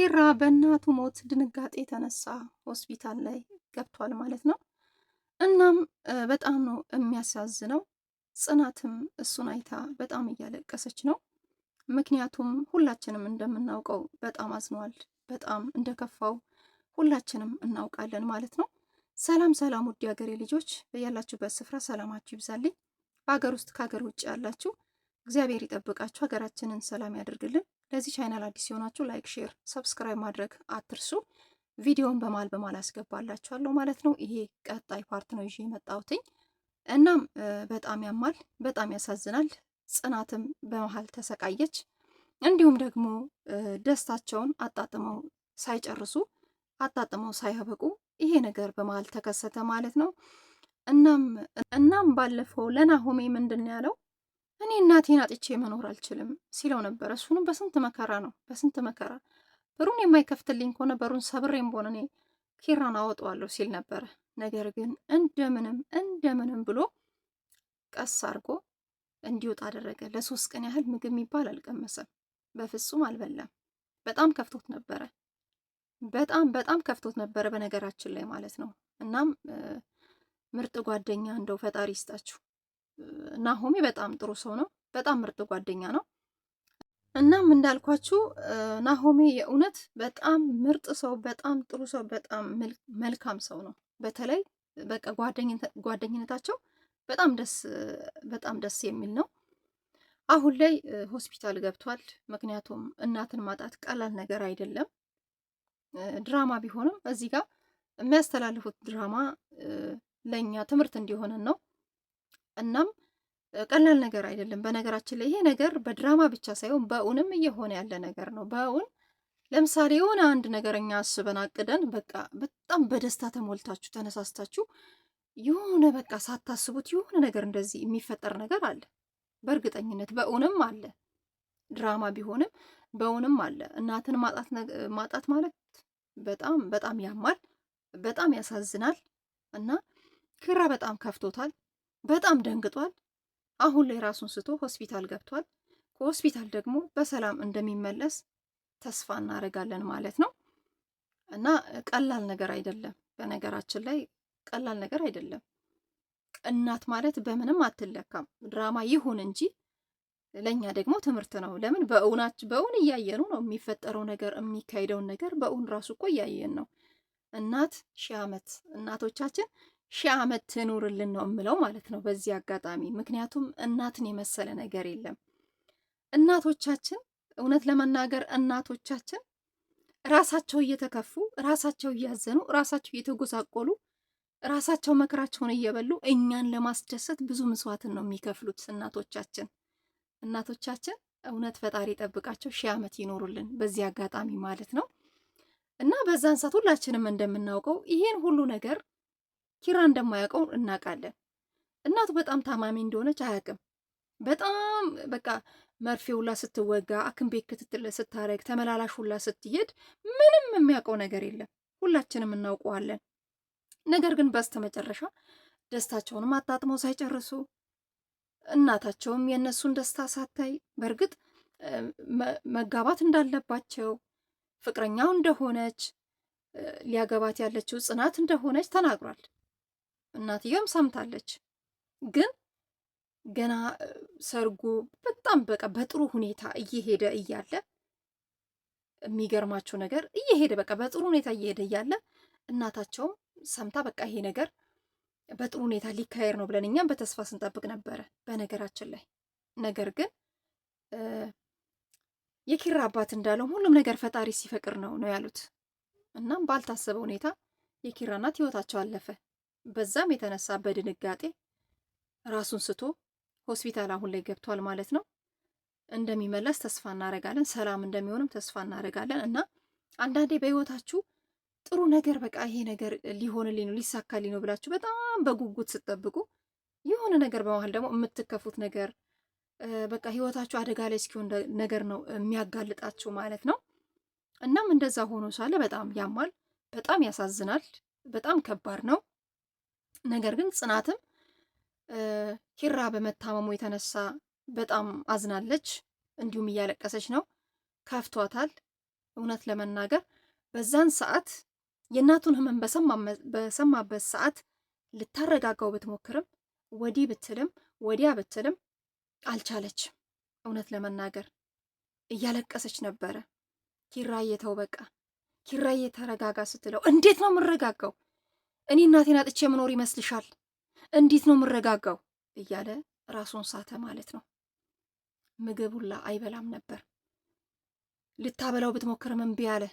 ኪራ በእናቱ ሞት ድንጋጤ የተነሳ ሆስፒታል ላይ ገብቷል ማለት ነው። እናም በጣም ነው የሚያሳዝነው። ጽናትም እሱን አይታ በጣም እያለቀሰች ነው። ምክንያቱም ሁላችንም እንደምናውቀው በጣም አዝኗል፣ በጣም እንደከፋው ሁላችንም እናውቃለን ማለት ነው። ሰላም ሰላም፣ ውድ የሀገሬ ልጆች በያላችሁበት ስፍራ ሰላማችሁ ይብዛልኝ። በሀገር ውስጥ ከሀገር ውጭ ያላችሁ እግዚአብሔር ይጠብቃችሁ፣ ሀገራችንን ሰላም ያደርግልን። ለዚህ ቻናል አዲስ ሲሆናችሁ ላይክ፣ ሼር፣ ሰብስክራይብ ማድረግ አትርሱ። ቪዲዮን በማል በማል አስገባላችኋለሁ ማለት ነው። ይሄ ቀጣይ ፓርት ነው ይዤ የመጣሁትኝ። እናም በጣም ያማል፣ በጣም ያሳዝናል። ጽናትም በመሀል ተሰቃየች። እንዲሁም ደግሞ ደስታቸውን አጣጥመው ሳይጨርሱ አጣጥመው ሳያበቁ ይሄ ነገር በመሀል ተከሰተ ማለት ነው። እናም እናም ባለፈው ለናሆሜ ምንድን ያለው እኔ እናቴን አጥቼ መኖር አልችልም ሲለው ነበር። እሱንም በስንት መከራ ነው በስንት መከራ በሩን የማይከፍትልኝ ከሆነ በሩን ሰብሬም በሆነ እኔ ኪራን አወጣዋለሁ ሲል ነበረ። ነገር ግን እንደምንም እንደምንም ብሎ ቀስ አድርጎ እንዲወጣ አደረገ። ለሶስት ቀን ያህል ምግብ የሚባል አልቀመሰም፣ በፍጹም አልበላም። በጣም ከፍቶት ነበረ፣ በጣም በጣም ከፍቶት ነበረ በነገራችን ላይ ማለት ነው። እናም ምርጥ ጓደኛ እንደው ፈጣሪ ይስጣችሁ። ናሆሜ በጣም ጥሩ ሰው ነው። በጣም ምርጥ ጓደኛ ነው። እናም እንዳልኳችሁ ናሆሜ የእውነት በጣም ምርጥ ሰው፣ በጣም ጥሩ ሰው፣ በጣም መልካም ሰው ነው። በተለይ በቃ ጓደኝነታቸው በጣም ደስ በጣም ደስ የሚል ነው። አሁን ላይ ሆስፒታል ገብቷል። ምክንያቱም እናትን ማጣት ቀላል ነገር አይደለም። ድራማ ቢሆንም እዚህ ጋር የሚያስተላልፉት ድራማ ለእኛ ትምህርት እንዲሆነን ነው። እናም ቀላል ነገር አይደለም። በነገራችን ላይ ይሄ ነገር በድራማ ብቻ ሳይሆን በእውንም እየሆነ ያለ ነገር ነው። በእውን ለምሳሌ የሆነ አንድ ነገር እኛ አስበን አቅደን በቃ በጣም በደስታ ተሞልታችሁ ተነሳስታችሁ የሆነ በቃ ሳታስቡት የሆነ ነገር እንደዚህ የሚፈጠር ነገር አለ። በእርግጠኝነት በእውንም አለ። ድራማ ቢሆንም በእውንም አለ። እናትን ማጣት ማለት በጣም በጣም ያማል፣ በጣም ያሳዝናል እና ክራ በጣም ከፍቶታል። በጣም ደንግጧል። አሁን ላይ ራሱን ስቶ ሆስፒታል ገብቷል። ከሆስፒታል ደግሞ በሰላም እንደሚመለስ ተስፋ እናደርጋለን ማለት ነው። እና ቀላል ነገር አይደለም። በነገራችን ላይ ቀላል ነገር አይደለም። እናት ማለት በምንም አትለካም። ድራማ ይሁን እንጂ ለእኛ ደግሞ ትምህርት ነው። ለምን በእውናች በእውን እያየኑ ነው የሚፈጠረው ነገር የሚካሄደውን ነገር በእውን ራሱ እኮ እያየን ነው። እናት ሺህ ዓመት እናቶቻችን ሺህ ዓመት ትኑርልን ነው የምለው ማለት ነው በዚህ አጋጣሚ። ምክንያቱም እናትን የመሰለ ነገር የለም። እናቶቻችን እውነት ለመናገር እናቶቻችን ራሳቸው እየተከፉ ራሳቸው እያዘኑ ራሳቸው እየተጎሳቆሉ ራሳቸው መከራቸውን እየበሉ እኛን ለማስደሰት ብዙ ምስዋትን ነው የሚከፍሉት እናቶቻችን እናቶቻችን እውነት ፈጣሪ ጠብቃቸው ሺህ ዓመት ይኖሩልን በዚህ አጋጣሚ ማለት ነው። እና በዛን ሰዓት ሁላችንም እንደምናውቀው ይሄን ሁሉ ነገር ኪራ እንደማያውቀው እናውቃለን። እናቱ በጣም ታማሚ እንደሆነች አያውቅም። በጣም በቃ መርፌ ሁላ ስትወጋ አክም ቤት ክትትል ስታረግ ተመላላሽ ሁላ ስትሄድ ምንም የሚያውቀው ነገር የለም። ሁላችንም እናውቀዋለን። ነገር ግን በስተመጨረሻ ደስታቸውንም አጣጥመው ሳይጨርሱ እናታቸውም የእነሱን ደስታ ሳታይ በእርግጥ መጋባት እንዳለባቸው ፍቅረኛው እንደሆነች ሊያገባት ያለችው ጽናት እንደሆነች ተናግሯል። እናትየውም ሰምታለች። ግን ገና ሰርጉ በጣም በቃ በጥሩ ሁኔታ እየሄደ እያለ የሚገርማቸው ነገር እየሄደ በቃ በጥሩ ሁኔታ እየሄደ እያለ እናታቸውም ሰምታ በቃ ይሄ ነገር በጥሩ ሁኔታ ሊካሄድ ነው ብለን እኛም በተስፋ ስንጠብቅ ነበረ በነገራችን ላይ ነገር ግን የኪራ አባት እንዳለው ሁሉም ነገር ፈጣሪ ሲፈቅር ነው ነው ያሉት። እናም ባልታሰበ ሁኔታ የኪራ እናት ህይወታቸው አለፈ። በዛም የተነሳ በድንጋጤ ራሱን ስቶ ሆስፒታል አሁን ላይ ገብቷል ማለት ነው። እንደሚመለስ ተስፋ እናደርጋለን። ሰላም እንደሚሆንም ተስፋ እናደርጋለን። እና አንዳንዴ በህይወታችሁ ጥሩ ነገር በቃ ይሄ ነገር ሊሆንልኝ ነው ሊሳካልኝ ነው ብላችሁ በጣም በጉጉት ስትጠብቁ የሆነ ነገር በመሀል ደግሞ የምትከፉት ነገር በቃ ህይወታችሁ አደጋ ላይ እስኪሆን ነገር ነው የሚያጋልጣችሁ ማለት ነው። እናም እንደዛ ሆኖ ሳለ በጣም ያማል፣ በጣም ያሳዝናል፣ በጣም ከባድ ነው። ነገር ግን ጽናትም ኪራ በመታመሙ የተነሳ በጣም አዝናለች። እንዲሁም እያለቀሰች ነው። ከፍቷታል። እውነት ለመናገር በዛን ሰዓት የእናቱን ህመም በሰማበት ሰዓት ልታረጋጋው ብትሞክርም ወዲህ ብትልም ወዲያ ብትልም አልቻለችም። እውነት ለመናገር እያለቀሰች ነበረ። ኪራዬ ተው በቃ ኪራዬ ተረጋጋ ስትለው እንዴት ነው የምረጋጋው እኔ እናቴን አጥቼ ምኖር ይመስልሻል? እንዴት ነው የምረጋጋው? እያለ ራሱን ሳተ ማለት ነው። ምግብ ሁላ አይበላም ነበር። ልታበላው ብትሞክርም እምቢ አለ።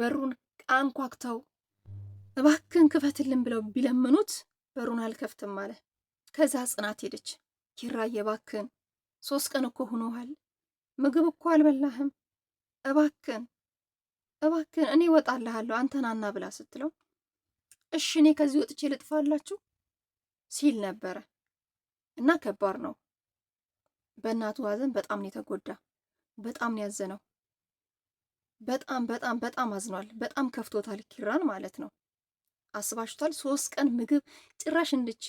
በሩን አንኳኩተው እባክን ክፈትልን ብለው ቢለምኑት በሩን አልከፍትም አለ። ከዛ ጽናት ሄደች። ኪራዬ እባክን ሶስት ቀን እኮ ሆኖሃል፣ ምግብ እኮ አልበላህም፣ እባክን እባክን እኔ እወጣልሃለሁ አንተን አና ብላ ስትለው እሺ እኔ ከዚህ ወጥቼ ልጥፋላችሁ ሲል ነበረ እና ከባድ ነው። በእናቱ ሐዘን በጣም ነው የተጎዳ። በጣም ነው ያዘነው። በጣም በጣም በጣም አዝኗል። በጣም ከፍቶታል። ኪራን ማለት ነው። አስባሽቷል። ሶስት ቀን ምግብ ጭራሽ እንድች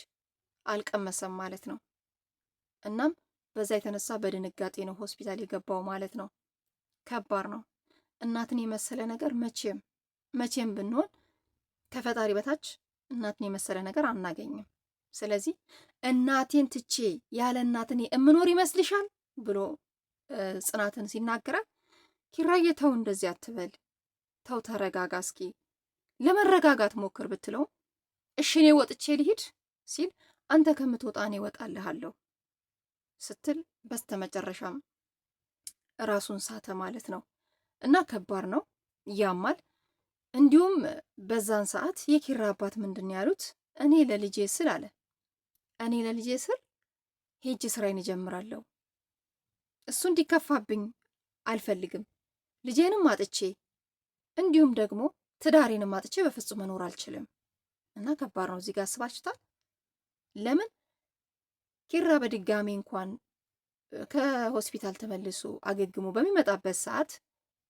አልቀመሰም ማለት ነው። እናም በዛ የተነሳ በድንጋጤ ነው ሆስፒታል የገባው ማለት ነው። ከባድ ነው። እናትን የመሰለ ነገር መቼም መቼም ብንሆን ከፈጣሪ በታች እናትን የመሰለ ነገር አናገኝም። ስለዚህ እናቴን ትቼ ያለ እናትን እምኖር ይመስልሻል ብሎ ጽናትን ሲናገራል። ኪራዬ ተው እንደዚህ አትበል፣ ተው ተረጋጋ፣ እስኪ ለመረጋጋት ሞክር ብትለው እሺ እኔ ወጥቼ ልሂድ ሲል አንተ ከምትወጣ እኔ እወጣልሃለሁ ስትል በስተመጨረሻም ራሱን ሳተ ማለት ነው። እና ከባድ ነው፣ ያማል። እንዲሁም በዛን ሰዓት የኪራ አባት ምንድን ያሉት እኔ ለልጄ ስል አለ እኔ ለልጄ ስል ሄጅ ስራዬን እጀምራለሁ። እሱ እንዲከፋብኝ አልፈልግም። ልጄንም አጥቼ እንዲሁም ደግሞ ትዳሬንም አጥቼ በፍጹም መኖር አልችልም። እና ከባድ ነው። እዚህ ጋር አስባችሁታል? ለምን ኪራ በድጋሚ እንኳን ከሆስፒታል ተመልሶ አገግሞ በሚመጣበት ሰዓት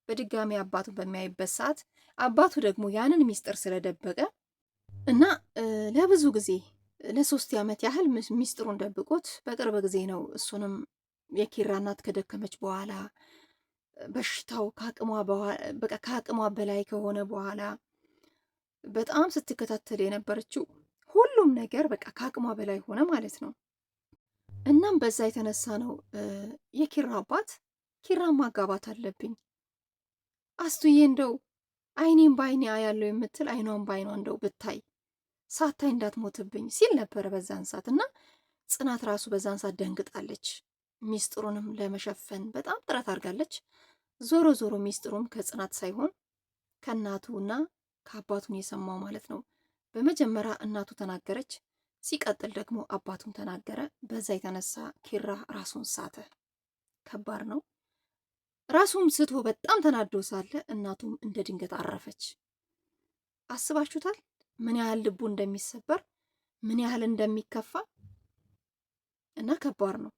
በድጋሚ አባቱን በሚያይበት ሰዓት አባቱ ደግሞ ያንን ሚስጥር ስለደበቀ እና ለብዙ ጊዜ ለሶስት ዓመት ያህል ሚስጥሩን ደብቆት በቅርብ ጊዜ ነው እሱንም የኪራ እናት ከደከመች በኋላ በሽታው ከአቅሟ በላይ ከሆነ በኋላ በጣም ስትከታተል የነበረችው ሁሉም ነገር በቃ ከአቅሟ በላይ ሆነ ማለት ነው። እናም በዛ የተነሳ ነው የኪራ አባት ኪራ ማጋባት አለብኝ አስቱዬ እንደው አይኔም በአይኔ ያለው የምትል አይኗን በአይኗ እንደው ብታይ ሳታይ እንዳትሞትብኝ ሲል ነበረ በዛን ሰዓት እና ጽናት ራሱ በዛን ሰዓት ደንግጣለች። ሚስጥሩንም ለመሸፈን በጣም ጥረት አድርጋለች። ዞሮ ዞሮ ሚስጥሩም ከጽናት ሳይሆን ከእናቱና ከአባቱን የሰማው ማለት ነው። በመጀመሪያ እናቱ ተናገረች፣ ሲቀጥል ደግሞ አባቱም ተናገረ። በዛ የተነሳ ኪራ ራሱን ሳተ። ከባድ ነው። ራሱም ስቶ በጣም ተናዶ ሳለ እናቱም እንደ ድንገት አረፈች። አስባችሁታል? ምን ያህል ልቡ እንደሚሰበር ምን ያህል እንደሚከፋ እና ከባድ ነው።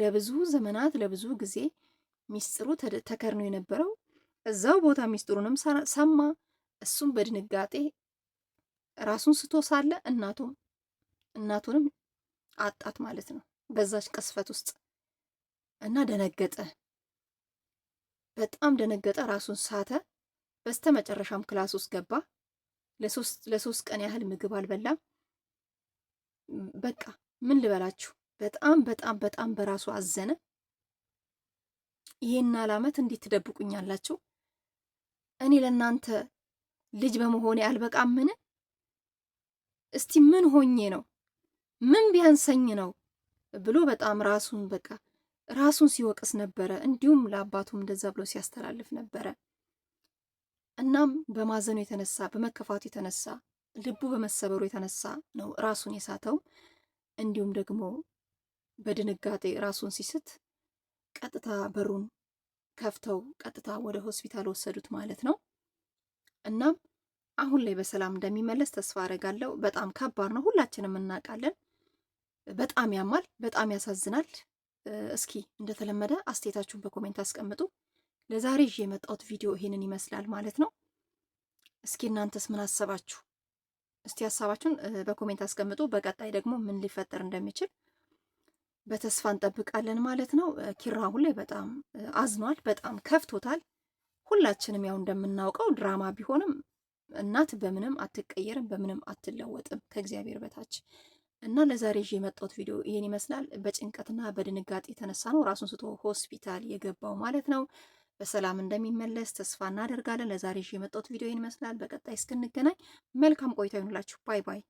ለብዙ ዘመናት ለብዙ ጊዜ ሚስጥሩ ተከድኖ የነበረው እዛው ቦታ ሚስጥሩንም ሰማ። እሱም በድንጋጤ ራሱን ስቶ ሳለ እናቱም እናቱንም አጣት ማለት ነው በዛች ቅስፈት ውስጥ እና ደነገጠ። በጣም ደነገጠ፣ ራሱን ሳተ። በስተ መጨረሻም ክላስ ውስጥ ገባ። ለሶስት ቀን ያህል ምግብ አልበላም። በቃ ምን ልበላችሁ፣ በጣም በጣም በጣም በራሱ አዘነ። ይሄን አላመት እንዴት ትደብቁኛላችሁ? እኔ ለእናንተ ልጅ በመሆኔ ምን እስቲ ምን ሆኜ ነው? ምን ቢያንሰኝ ነው ብሎ በጣም ራሱን በቃ ራሱን ሲወቅስ ነበረ። እንዲሁም ለአባቱም እንደዛ ብሎ ሲያስተላልፍ ነበረ። እናም በማዘኑ የተነሳ በመከፋቱ የተነሳ ልቡ በመሰበሩ የተነሳ ነው ራሱን የሳተው። እንዲሁም ደግሞ በድንጋጤ ራሱን ሲስት ቀጥታ በሩን ከፍተው ቀጥታ ወደ ሆስፒታል ወሰዱት ማለት ነው። እናም አሁን ላይ በሰላም እንደሚመለስ ተስፋ አደርጋለሁ። በጣም ከባድ ነው፣ ሁላችንም እናውቃለን። በጣም ያማል፣ በጣም ያሳዝናል። እስኪ እንደተለመደ አስተያየታችሁን በኮሜንት አስቀምጡ። ለዛሬ ይዤ የመጣሁት ቪዲዮ ይሄንን ይመስላል ማለት ነው። እስኪ እናንተስ ምን አሰባችሁ? እስቲ ሀሳባችሁን በኮሜንት አስቀምጡ። በቀጣይ ደግሞ ምን ሊፈጠር እንደሚችል በተስፋ እንጠብቃለን ማለት ነው። ኪራ አሁን ላይ በጣም አዝኗል፣ በጣም ከፍቶታል። ሁላችንም ያው እንደምናውቀው ድራማ ቢሆንም እናት በምንም አትቀየርም፣ በምንም አትለወጥም ከእግዚአብሔር በታች እና ለዛሬ ይዤ የመጣሁት ቪዲዮ ይህን ይመስላል። በጭንቀትና በድንጋጤ የተነሳ ነው ራሱን ስቶ ሆስፒታል የገባው ማለት ነው። በሰላም እንደሚመለስ ተስፋ እናደርጋለን። ለዛሬ ይዤ የመጣሁት ቪዲዮ ይህን ይመስላል። በቀጣይ እስክንገናኝ መልካም ቆይታ ይሁንላችሁ። ባይ ባይ።